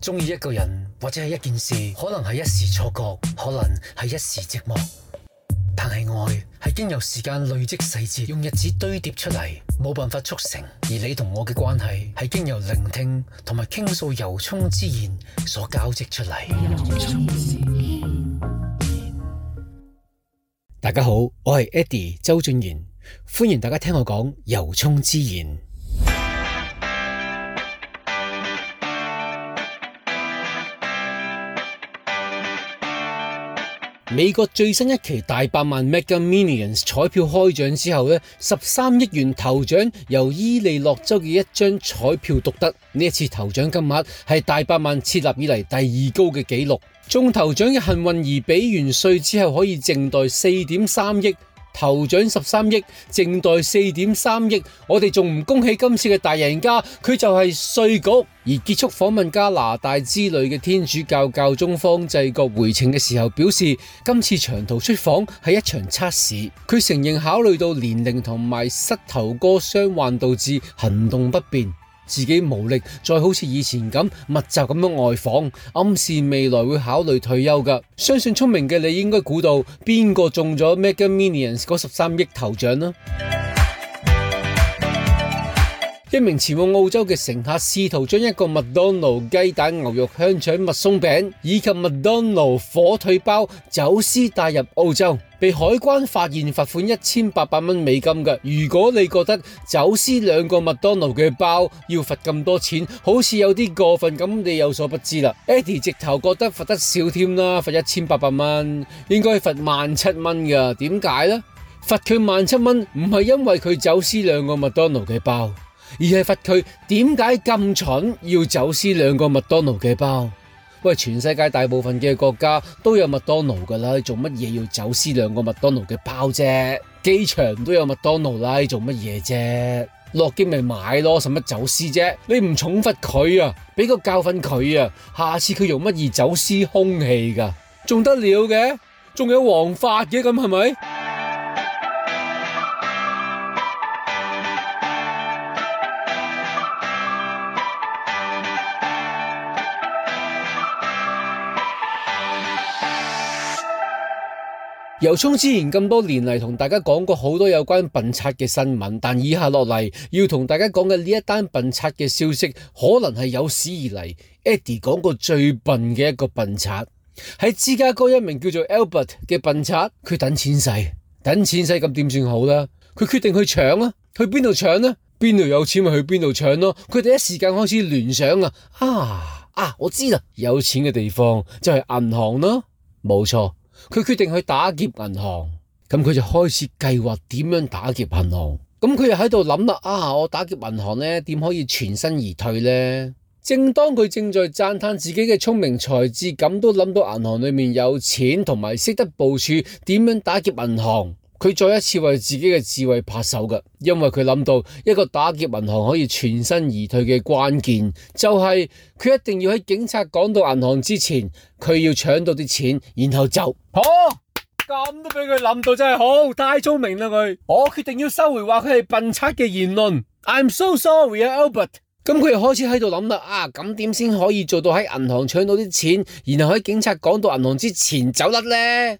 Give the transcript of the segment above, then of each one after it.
中意一個人或者係一件事，可能係一時錯覺，可能係一時寂寞。但係愛係經由時間累積細節，用日子堆疊出嚟，冇辦法速成。而你同我嘅關係係經由聆聽同埋傾訴由衷之言所交織出嚟。冲大家好，我係 Eddie 周俊賢，歡迎大家聽我講由衷之言。美國最新一期大百萬 Mega Millions 彩票開獎之後咧，十三億元頭獎由伊利諾州嘅一張彩票獨得。呢一次頭獎金額係大百萬設立以嚟第二高嘅紀錄。中頭獎嘅幸運兒俾完稅之後，可以淨袋四點三億。頭獎十三億，淨袋四點三億，我哋仲唔恭喜今次嘅大贏家？佢就係稅局。而結束訪問加拿大之旅嘅天主教教宗方濟各回程嘅時候，表示今次長途出訪係一場測試。佢承認考慮到年齡同埋膝頭哥傷患導致行動不便。自己無力再好似以前咁密集咁樣外訪，暗示未來會考慮退休㗎。相信聰明嘅你應該估到邊個中咗《Mega Millions》嗰十三億頭獎呢？一名前往澳洲嘅乘客試圖將一個麥當勞雞蛋牛肉香腸麥鬆餅以及麥當勞火腿包走私帶入澳洲，被海關發現罰款一千八百蚊美金㗎。如果你覺得走私兩個麥當勞嘅包要罰咁多錢，好似有啲過分咁，你有所不知啦。Eddie 直頭覺得罰得少添啦，罰一千八百蚊應該罰萬七蚊㗎，點解呢？罰佢萬七蚊唔係因為佢走私兩個麥當勞嘅包。而係罰佢點解咁蠢要走私兩個麥當勞嘅包？喂，全世界大部分嘅國家都有麥當勞噶啦，你做乜嘢要走私兩個麥當勞嘅包啫？機場都有麥當勞啦，你做乜嘢啫？落機咪買咯，使乜走私啫？你唔重罰佢啊，俾個教訓佢啊，下次佢用乜嘢走私空氣噶？仲得了嘅？仲有王法嘅咁係咪？是由聰之前咁多年嚟同大家講過好多有關笨賊嘅新聞，但以下落嚟要同大家講嘅呢一單笨賊嘅消息，可能係有史以嚟 Eddie 講過最笨嘅一個笨賊。喺芝加哥一名叫做 Albert 嘅笨賊，佢等錢使，等錢使咁點算好咧？佢決定去搶啦，去邊度搶咧？邊度有錢咪去邊度搶咯？佢第一時間開始聯想啊啊啊！我知啦，有錢嘅地方就係銀行咯，冇錯。佢決定去打劫銀行，咁佢就開始計劃點樣打劫銀行。咁佢又喺度諗啦，啊！我打劫銀行咧，點可以全身而退咧？正當佢正在讚嘆自己嘅聰明才智，咁都諗到銀行裡面有錢同埋識得部署點樣打劫銀行。佢再一次為自己嘅智慧拍手嘅，因為佢諗到一個打劫銀行可以全身而退嘅關鍵，就係、是、佢一定要喺警察趕到銀行之前，佢要搶到啲錢，然後就哦，咁都俾佢諗到真係好，太聰明啦佢！我決定要收回話佢係笨賊嘅言論。I'm so sorry, Albert。咁佢又開始喺度諗啦，啊咁點先可以做到喺銀行搶到啲錢，然後喺警察趕到銀行之前走得呢？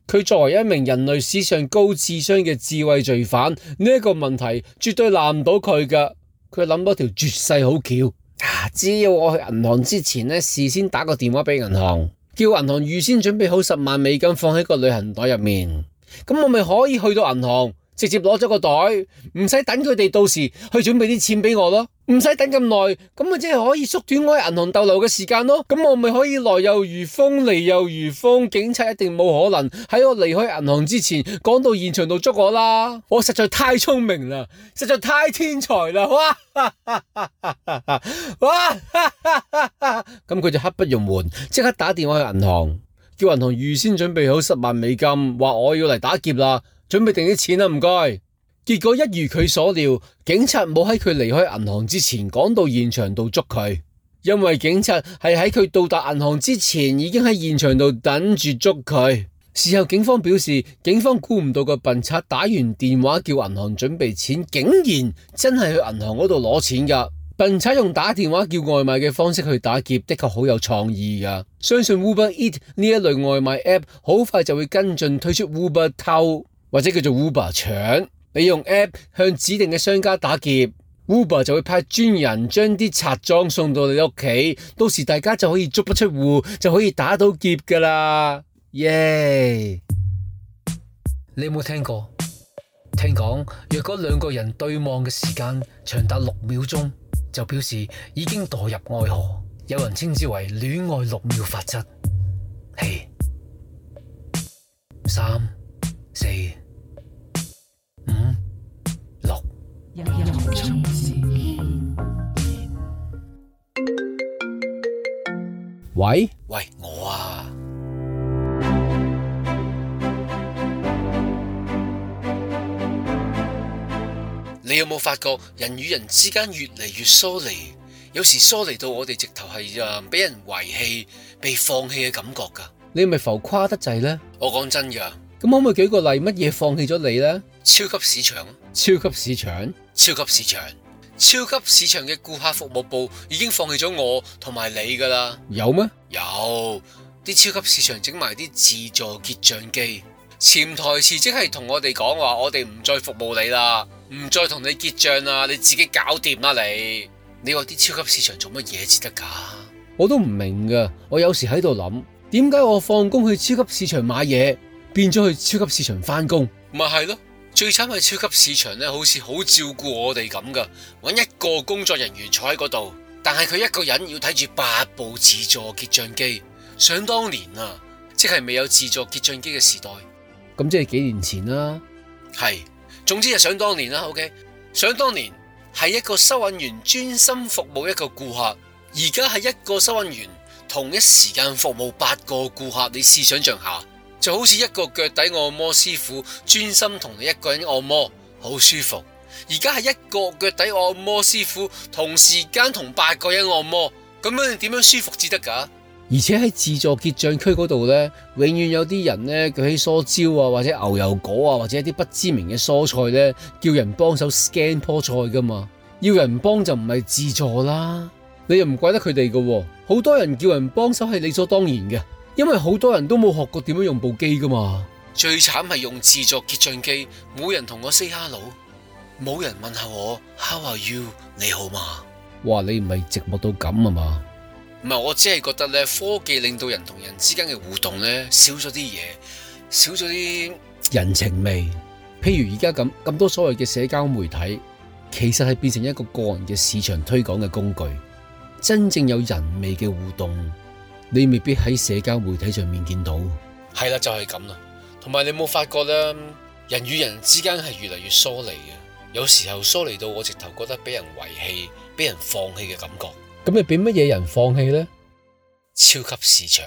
佢作為一名人類史上高智商嘅智慧罪犯，呢、這、一個問題絕對難唔到佢㗎。佢諗到條絕世好橋、啊、只要我去銀行之前呢，事先打個電話俾銀行，叫銀行預先準備好十萬美金放喺個旅行袋入面，咁我咪可以去到銀行直接攞咗個袋，唔使等佢哋到時去準備啲錢俾我咯。唔使等咁耐，咁我即係可以縮短我喺銀行逗留嘅時間咯。咁我咪可以來又如風，嚟又如風。警察一定冇可能喺我離開銀行之前，趕到現場度捉我啦。我實在太聰明啦，實在太天才啦！哇！ 哇！咁 佢就刻不容緩，即刻打電話去銀行，叫銀行預先準備好十萬美金，話我要嚟打劫啦，準備定啲錢啦，唔該。結果一如佢所料，警察冇喺佢離開銀行之前趕到現場度捉佢，因為警察係喺佢到達銀行之前已經喺現場度等住捉佢。事後警方表示，警方估唔到個笨賊打完電話叫銀行準備錢，竟然真係去銀行嗰度攞錢㗎。笨賊用打電話叫外賣嘅方式去打劫，的確好有創意㗎。相信 Uber Eat 呢一類外賣 app 好快就會跟進推出 Uber 偷，或者叫做 Uber 搶。你用 App 向指定嘅商家打劫，Uber 就會派專人將啲賊贓送到你屋企，到時大家就可以足不出戶就可以打到劫㗎喇，耶！你有冇聽過？聽講若果兩個人對望嘅時間長達六秒鐘，就表示已經墮入愛河，有人稱之為戀愛六秒法則。二、三、四。喂喂，我啊，你有冇發覺人與人之間越嚟越疏離？有時疏離到我哋直頭係啊，俾人遺棄、被放棄嘅感覺噶。你係咪浮誇得滯呢？我講真噶，咁可唔可以舉個例？乜嘢放棄咗你呢？超級市場，超級市場。超級市場，超級市場嘅顧客服務部已經放棄咗我同埋你噶啦。有咩嗎？有啲超級市場整埋啲自助結賬機，潛台詞即係同我哋講話，我哋唔再服務你啦，唔再同你結賬啦，你自己搞掂啦你。你話啲超級市場做乜嘢至得噶？我都唔明噶，我有時喺度諗，點解我放工去超級市場買嘢，變咗去超級市場返工？咪係咯。最慘係超級市場咧，好似好照顧我哋咁噶，揾一個工作人員坐喺嗰度，但係佢一個人要睇住八部自助結賬機。想當年啊，即係未有自助結賬機嘅時代，咁即係幾年前啦。係，總之就想當年啦、啊。OK，想當年係一個收銀員專心服務一個顧客，而家係一個收銀員同一時間服務八個顧客，你試想象下。就好似一個腳底按摩師傅專心同你一個人按摩，好舒服。而家係一個腳底按摩師傅同時間同八個人按摩，咁樣點樣舒服至得噶？而且喺自助結賬區嗰度呢，永遠有啲人呢，舉起梳蕉啊，或者牛油果啊，或者一啲不知名嘅蔬菜呢，叫人幫手 scan 棵菜噶嘛。要人幫就唔係自助啦。你又唔怪得佢哋噶，好多人叫人幫手係理所當然嘅。因為好多人都冇學過點樣用部機噶嘛，最慘係用自助結賬機，冇人同我 say hello，冇人問下我 how are you，你好嘛？哇，你唔係寂寞到咁啊嘛？唔係，我只係覺得咧，科技令到人同人之間嘅互動咧，少咗啲嘢，少咗啲人情味。譬如而家咁咁多所謂嘅社交媒體，其實係變成一個個人嘅市場推廣嘅工具，真正有人味嘅互動，你未必喺社交媒體上面見到，係啦，就係咁啦。同埋，你冇發覺咧？人與人之間係越嚟越疏離嘅，有時候疏離到我直頭覺得俾人遺棄、俾人放棄嘅感覺。咁你俾乜嘢人放棄咧？超級市場。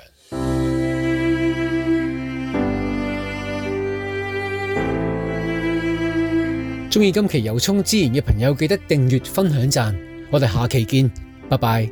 中意今期由衷之言嘅朋友，記得訂閱、分享、讚。我哋下期見，拜拜。